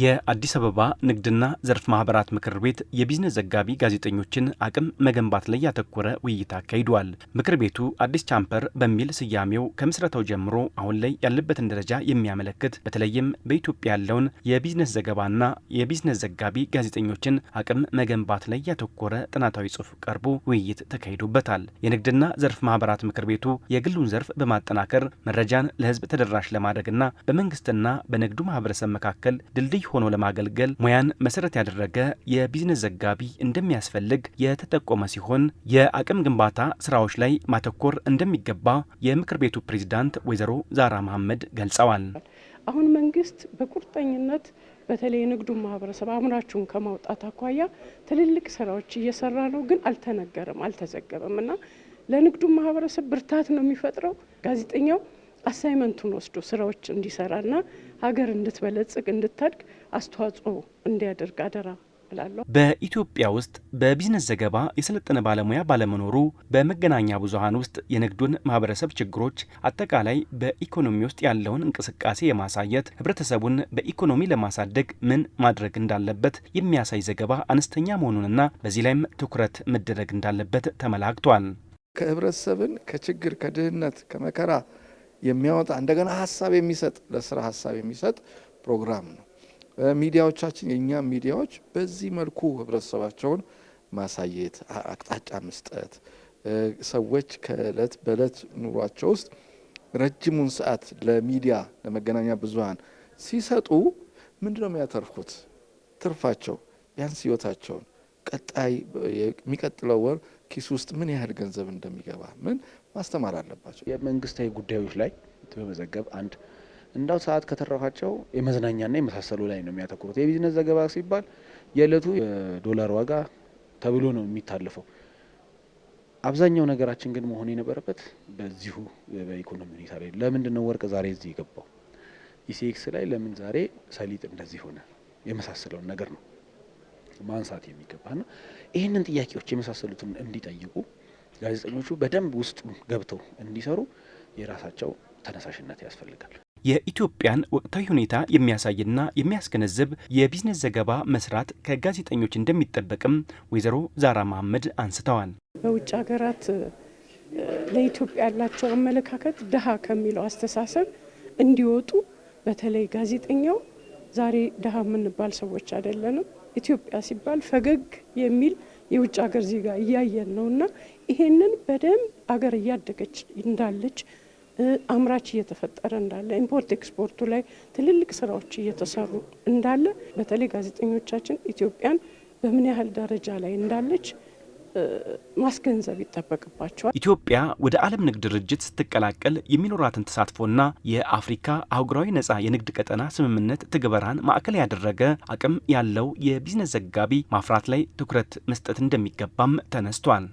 የአዲስ አበባ ንግድና ዘርፍ ማህበራት ምክር ቤት የቢዝነስ ዘጋቢ ጋዜጠኞችን አቅም መገንባት ላይ ያተኮረ ውይይት አካሂዷል። ምክር ቤቱ አዲስ ቻምበር በሚል ስያሜው ከምስረታው ጀምሮ አሁን ላይ ያለበትን ደረጃ የሚያመለክት በተለይም በኢትዮጵያ ያለውን የቢዝነስ ዘገባና የቢዝነስ ዘጋቢ ጋዜጠኞችን አቅም መገንባት ላይ ያተኮረ ጥናታዊ ጽሑፍ ቀርቦ ውይይት ተካሂዶበታል። የንግድና ዘርፍ ማህበራት ምክር ቤቱ የግሉን ዘርፍ በማጠናከር መረጃን ለህዝብ ተደራሽ ለማድረግና በመንግስትና በንግዱ ማህበረሰብ መካከል ድልድይ አብይ ሆኖ ለማገልገል ሙያን መሰረት ያደረገ የቢዝነስ ዘጋቢ እንደሚያስፈልግ የተጠቆመ ሲሆን የአቅም ግንባታ ስራዎች ላይ ማተኮር እንደሚገባ የምክር ቤቱ ፕሬዝዳንት ወይዘሮ ዛራ መሐመድ ገልጸዋል። አሁን መንግስት በቁርጠኝነት በተለይ የንግዱ ማህበረሰብ አምራችሁን ከማውጣት አኳያ ትልልቅ ስራዎች እየሰራ ነው፣ ግን አልተነገረም፣ አልተዘገበም እና ለንግዱ ማህበረሰብ ብርታት ነው የሚፈጥረው ጋዜጠኛው አሳይመንቱን ወስዶ ስራዎች እንዲሰራና ሀገር እንድትበለጽግ እንድታድግ አስተዋጽኦ እንዲያደርግ አደራ እላለሁ። በኢትዮጵያ ውስጥ በቢዝነስ ዘገባ የሰለጠነ ባለሙያ ባለመኖሩ በመገናኛ ብዙኃን ውስጥ የንግዱን ማህበረሰብ ችግሮች፣ አጠቃላይ በኢኮኖሚ ውስጥ ያለውን እንቅስቃሴ የማሳየት ህብረተሰቡን በኢኮኖሚ ለማሳደግ ምን ማድረግ እንዳለበት የሚያሳይ ዘገባ አነስተኛ መሆኑንና በዚህ ላይም ትኩረት መደረግ እንዳለበት ተመላክቷል። ከህብረተሰብን ከችግር ከድህነት ከመከራ የሚያወጣ እንደገና ሀሳብ የሚሰጥ ለስራ ሀሳብ የሚሰጥ ፕሮግራም ነው። ሚዲያዎቻችን የእኛ ሚዲያዎች በዚህ መልኩ ህብረተሰባቸውን ማሳየት፣ አቅጣጫ መስጠት ሰዎች ከእለት በእለት ኑሯቸው ውስጥ ረጅሙን ሰዓት ለሚዲያ ለመገናኛ ብዙሀን ሲሰጡ ምንድነው የሚያተርፉት? ትርፋቸው ቢያንስ ህይወታቸውን ቀጣይ የሚቀጥለው ወር ኪስ ውስጥ ምን ያህል ገንዘብ እንደሚገባ ምን ማስተማር አለባቸው። የመንግስታዊ ጉዳዮች ላይ በመዘገብ አንድ እንዳው ሰዓት ከተረፋቸው የመዝናኛና የመሳሰሉ ላይ ነው የሚያተኩሩት። የቢዝነስ ዘገባ ሲባል የዕለቱ የዶላር ዋጋ ተብሎ ነው የሚታለፈው። አብዛኛው ነገራችን ግን መሆን የነበረበት በዚሁ በኢኮኖሚ ሁኔታ ላይ ለምንድን ነው ወርቅ ዛሬ እዚህ የገባው? ኢሲኤክስ ላይ ለምን ዛሬ ሰሊጥ እንደዚህ ሆነ? የመሳሰለውን ነገር ነው ማንሳት የሚገባና ይህንን ጥያቄዎች የመሳሰሉትን እንዲጠይቁ ጋዜጠኞቹ በደንብ ውስጡ ገብተው እንዲሰሩ የራሳቸው ተነሳሽነት ያስፈልጋል። የኢትዮጵያን ወቅታዊ ሁኔታ የሚያሳይና የሚያስገነዝብ የቢዝነስ ዘገባ መስራት ከጋዜጠኞች እንደሚጠበቅም ወይዘሮ ዛራ መሀመድ አንስተዋል። በውጭ ሀገራት ለኢትዮጵያ ያላቸው አመለካከት ድሃ ከሚለው አስተሳሰብ እንዲወጡ በተለይ ጋዜጠኛው ዛሬ ድሃ የምንባል ሰዎች አይደለንም። ኢትዮጵያ ሲባል ፈገግ የሚል የውጭ ሀገር ዜጋ እያየን ነው እና ይሄንን በደንብ አገር እያደገች እንዳለች አምራች እየተፈጠረ እንዳለ ኢምፖርት ኤክስፖርቱ ላይ ትልልቅ ስራዎች እየተሰሩ እንዳለ በተለይ ጋዜጠኞቻችን ኢትዮጵያን በምን ያህል ደረጃ ላይ እንዳለች ማስገንዘብ ይጠበቅባቸዋል። ኢትዮጵያ ወደ ዓለም ንግድ ድርጅት ስትቀላቀል የሚኖራትን ተሳትፎና የአፍሪካ አህጉራዊ ነጻ የንግድ ቀጠና ስምምነት ትግበራን ማዕከል ያደረገ አቅም ያለው የቢዝነስ ዘጋቢ ማፍራት ላይ ትኩረት መስጠት እንደሚገባም ተነስቷል።